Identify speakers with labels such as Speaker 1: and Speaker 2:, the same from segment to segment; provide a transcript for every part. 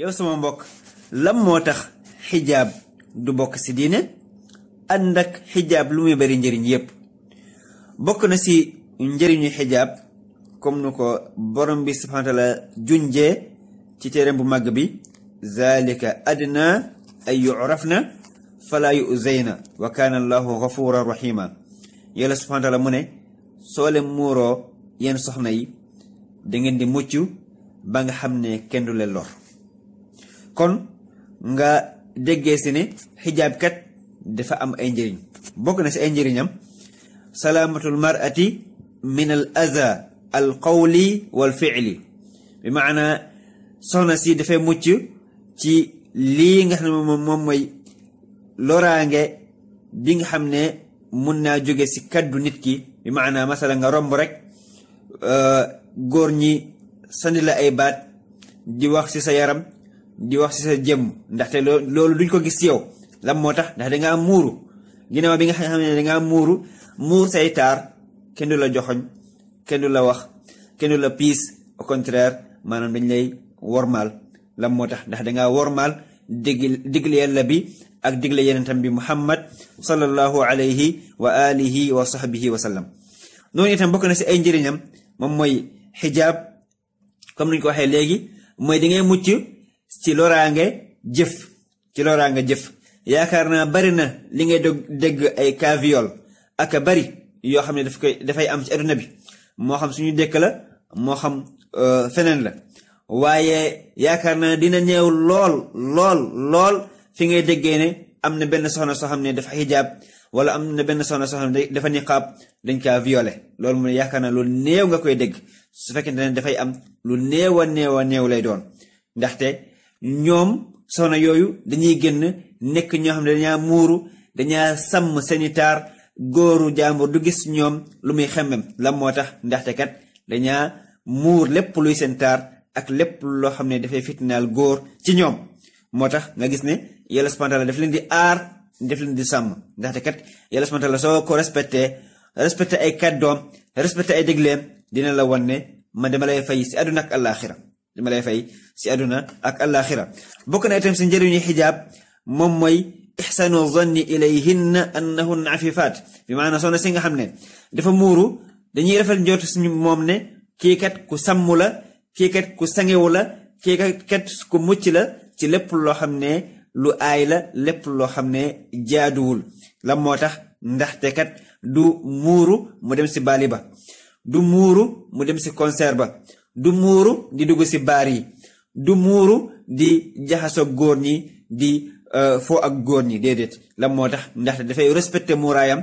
Speaker 1: yow sama mbokk lan moo tax xijaab du bokk ci diine ànd ak xijaab lu muy bari njëriñ yépp bokk na ci njëriñu xijaab comme nu ko borom bi subhaanahu wa junjee ci téereem bu màgg bi zalika adna ay yurafna falaa yuzayna wa kaana allahu gafuran rahima yàlla subhaanahu wa mu ne soo leen muuroo yéen soxna yi da ngeen di mucc ba nga xam ne kenn du leen kon nga déggee si ne xijaab kat dafa am ay njëriñ bokk na si ay njëriñam salaamatul mar'ati min al aza al qawli wal fi'li bi maana soxna si dafay mucc ci lii nga moom mooy loraange bi nga xam ne mun naa jóge si kaddu nit ki bi maana masala nga romb rek euh, góor ñi sandi ay baat di wax si sa yaram di wax si sa jëmm ndaxte loolu duñ ko gis yow lan moo tax ndax dangaa muuru ginnaaw bi nga xam ne dangaa muuru muur say taar kenn du la joxoñ kenn du la wax kenn du la piis au contraire maanaam dañ lay wormaal lan moo tax ndax dangaa wormaal digl digle yàlla bi ak digle yenentam bi muhammad sallallahu alayhi wa alihi wa sahbihi wa sallam noonu itam bokk na si ay njëriñam moom mooy xijaab comme nuñ ko waxee léegi mooy da ngay mucc ci loraange jëf ci loraange jëf yaakaar naa bari na li ngay dégg ay cas viol ak bari yoo xam ne daf koy dafay am ci adduna bi moo xam suñu dëkk la moo xam euh, feneen la waaye yaakaar naa dina ñëw lool lool lool fi ngay déggee ne am na benn soxna soo xam ne dafa xijaab wala am na benn soxna soo xam ne dafa niqaab dañ kaa violé loolu mooy yaakaar naa lu néew nga koy dégg su fekkente ne dafay am lu néew a neew a néew lay doon ndaxte ñoom sona yooyu dañuy génn nekk ñoo xam ne dañaa muuru dañaa sàmm seeni taar góoru jàmbur du gis ñoom lu muy xemmem la moo tax ndaxte kat dañaa muur lépp luy seen taar ak lépp loo xam ne dafay fitnaal góor ci ñoom moo tax nga gis ne yàlla subhanahu wa daf leen di aar def leen di sàmm ndaxte kat yàlla subhanahu wa taala soo ko respecté respecté ay kàddoom respecté ay leen dina la wan ne man dama lay fay si àdduna ak àllaaxira li ma lay fay si àdduna ak àllaaxira bokk na itam si njëriñu xijaab moom mooy ixsaanu zanni ilayhinna annahunna afifaat bi maanaam soxna si nga xam ne dafa muuru dañuy rafet njort moom ne kii kat ku sàmm la kii kat ku sangewula la kii kat ku mucc la ci lépp loo xam ne lu aay la lépp loo xam ne jaaduwul lan moo tax ndaxte kat du muuru mu dem si baali ba du muuru mu dem si concert ba du muuru di dugg si baar yi du muuru di jaxasoo góor ñi di euh, foo ak góor ñi déedéet lan moo tax ndaxte dafay respecté muuraayam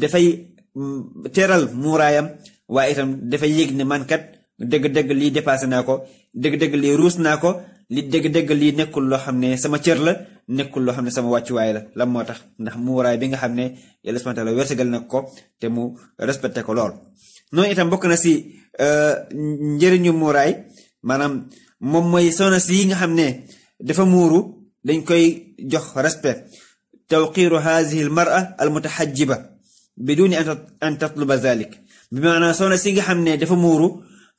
Speaker 1: dafay mm, teral muuraayam waaye itam dafay yëg ne man kat dëgg-dëgg lii dépassé naa ko dëgg-dëgg ruus naa ko li dégg-dégg lii nekkul loo xam ne sama cër la nekkul loo xam ne sama wàccuwaay la lan moo tax ndax mu waraay bi nga xam ne yàlla subhanahu wa na ko te mu respecté ko lool. noonu itam bokk na si euh, njëriñu muuraay maanaam moom mooy soxna si yi nga xam ne dafa muuru dañ koy jox respet tawqiru haadihi al mar'a al mutahajjiba biduni an tatluba zalik bi maanaam si nga xam ne dafa muuru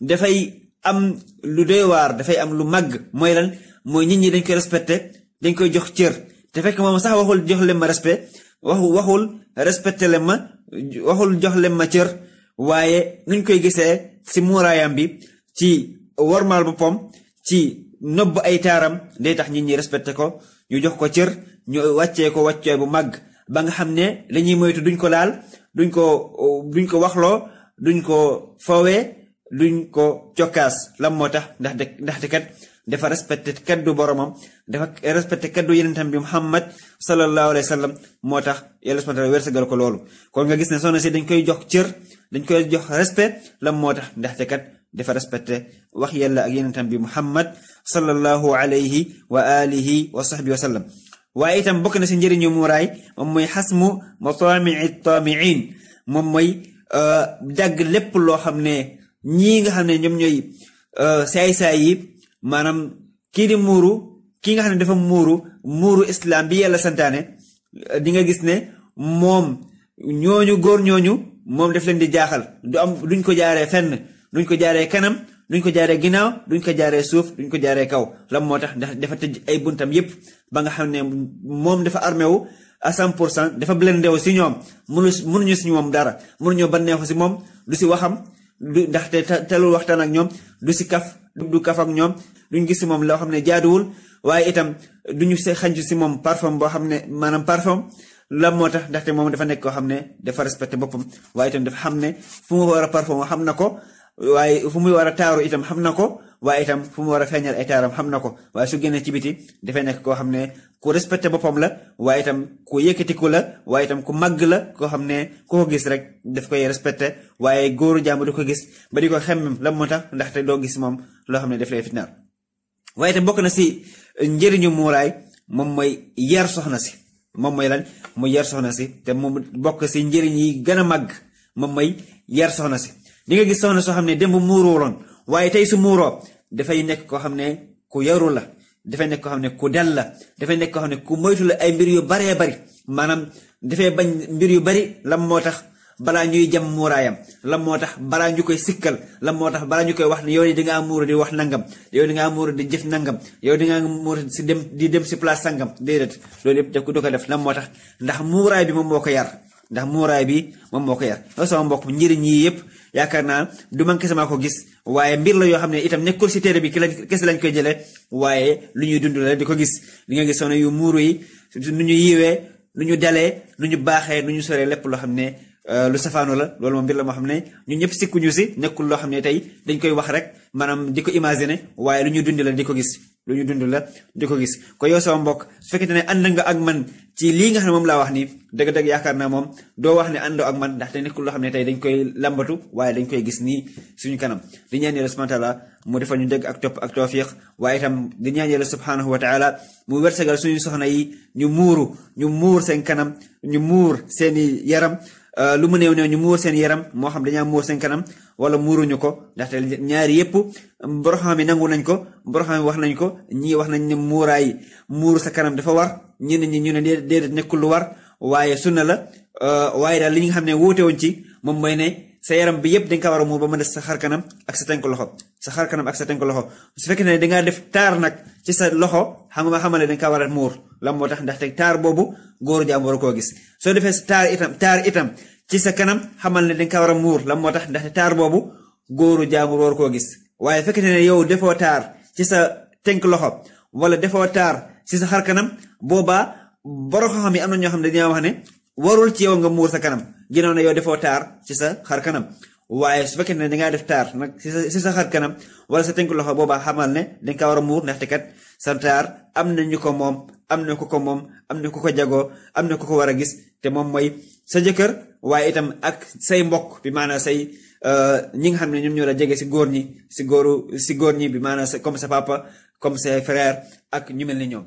Speaker 1: dafay am lu doy waar dafay am lu màgg mooy lan mooy nit ñi dañ koy respecté dañ koy jox cër te fekk moom sax waxul jox leen ma respect waxul respecté leen ma waxul jox leen ma cër waaye nuñ koy gisee si muuraayam bi ci wormaal boppam ci nobb ay taaram day tax nit ñi respecté ko ñu jox ko cër ñu wàccee ko wàccee bu màgg ba nga xam ne lañuy moytu duñ ko laal duñ ko duñ ko waxloo duñ ko foowee luñ ko cokkaas lan moo tax ndax de ndaxte kat dafa respecté kaddu boromam dafa respecté kaddu yenentam bi Muhammad sallallahu alayhi wa sallam moo tax yàlla subhanahu wa ko loolu kon nga gis ne soxna si dañ koy jox cër dañ koy jox respect lan moo tax ndaxte kat dafa respecté wax yàlla ak yenentam bi Muhammad sallallahu alayhi wa alihi wa sahbihi wa sallam waaye itam bokk na si njëriñu muuraay moom mooy xasmu mataamii taamiin moom mooy dagg euh, lépp loo xam ne ñii nga xam ne ñoom ñooy euh, saay-saay yi maanaam kii di muuru kii nga xam ne dafa muuru muuru islam bi yàlla santaane euh, di nga gis ne moom ñooñu góor ñooñu moom daf leen di jaaxal du am duñ ko jaaree fenn duñ ko jaaree kanam duñ ko jaaree ginnaaw duñ ko jaaree suuf duñ ko jaaree kaw lan moo tax ndax dafa tëj ay buntam yépp ba nga xam ne moom dafa armé wu à 100 pour cent dafa blendé wu si ñoom mënu mënuñu si ñoom dara mënuñoo banneexu si moom du si waxam du ndaxte telul waxtaan ak ñoom du si kaf du kaf ak ñoom duñ gis si moom loo xam ne jaaduwul waaye itam du duñu se xanju si moom parfum boo xam ne maanaam parfum la moo tax ndaxte moom dafa nekk koo xam ne dafa respecté boppam waaye itam dafa xam ne fu mu war a parfum xam na ko waaye fu muy war a taaru itam xam na ko waaye itam fu mu war a feeñal ay taaram xam na ko waaye su génnee ci biti dafay nekk koo xam ne ku respecté boppam la waaye itam ku yëkkatiku la waaye itam ku màgg la koo xam ne ku gis rek daf koy respecté waaye góoru jaamu du ko gis ba di ko xemmem la moo tax ndaxte doo gis moom loo xam ne daf lay fitnaal waaye itam bokk na si njëriñu muuraay moom mooy yar soxna si moom mooy lan mu yar soxna si te moom bokk si njëriñ yi gën a màgg moom mooy yar soxna si di nga gis soxna soo xam ne dem démb muuruwuloon waaye tey su muuroo dafay nekk koo xam ne ku yaru la dafay nekk koo xam ne ku del la dafay nekk koo xam ne ku moytu la ay mbir yu baree bari maanaam dafay bañ mbir yu bari lam moo tax balaa ñuy jam muuraayam lan moo tax balaa ñu koy sikkal lan moo tax balaa ñu koy wax ne yow di ngaa muur di wax nangam yow di ngaa muur di jëf nangam yow di ngaa muur si dem di dem si place sangam déedéet loolu yëpp da ko def lan moo tax ndax muuraay bi moom moo ko yar. ndax muuraay bi moom moo ko yar loolu sama mbokk njëriñ yi yëpp yaakaar naa du man kese maa ko gis waaye mbir la yoo xam ne itam nekkul si téere bi ki lañ kese lañ koy jëlee waaye lu ñuy dund la di ko gis li nga gis soxna yu muuru yi nu ñu yiwee nu ñu dalee nu ñu baaxee nu ñu soree lépp loo xam ne euh, lu safaano la loolu moom la moo xam ne ñun ñëpp sikkuñu si nekkul loo xam ne tey dañ koy wax rek maanaam di ko imaginer waaye lu ñuy dund la di ko gis lu ñu dund la di ko gis ko yow sama mbokk su fekkente ne ànd nga ak man ci lii nga xam moom laa wax ni dëgg-dëgg yaakaar naa moom doo wax ni àndoo ak man ndaxte nekkul loo xam ne tey dañ koy lambatu waaye dañ koy gis nii suñu kanam di ñaan yàlla subhanahu wa taala mu defal ñu dëgg ak topp ak tawfiq waaye itam di ñaan yàlla subhanahu wa taala mu wërsagal suñu soxna yi ñu muuru ñu muur seen kanam ñu muur seeni yaram Euh, lu mu néew ñu muur seen yaram moo xam dañaa muur seen kanam wala muuruñu ko ndaxte ñaari yëpp borom xam yi nangu nañ ko borom xam yi wax nañ ko ñii wax nañ ne muuraay muur sa kanam dafa war ñenn ñi ñu ne déedéet nekkul lu war waaye sunna la euh, waaye daal li nga xam ne wuute woon ci moom may ne sa yaram bi yëpp da nga war a muur ba mën a sa xar kanam ak sa tënk loxo sa xar kanam ak sa ko loxo su fekke ne dangaa def taar nag ci sa loxo xam nga xamale da nga ko war a muur la moo tax ndaxte taar boobu góor jaam koo gis soo defee taar itam taar itam ci sa kanam xamal ne danga ka war a muur la moo tax ndaxte taar boobu góoru jaamur war koo gis waaye fekkete ne yow defoo taar si sa tenk loxo wala defoo taar ci sa xar kanam boobaa borom xam na ñoo xam ne dañoo ne warul ci yow nga muur sa kanam ginnaaw ne yow defoo taar ci sa xar kanam waaye su ne dangaa def taar nag ci sa tenk loxo boobaa xamal ne danga ka war a muur ndaxte kat santaar am na ñu ko moom am na ku ko moom am na ku ko jagoo am na ku ko war a gis te moom mooy sa jëkkër waaye itam ak say mbokk bi maanaam say euh, ñi nga xam ne ñoom ñoo a jege si góor ñi si góoru si góor ñi bi maanaam sa comme sa papa comme ses frères ak ñu mel ni ñoom.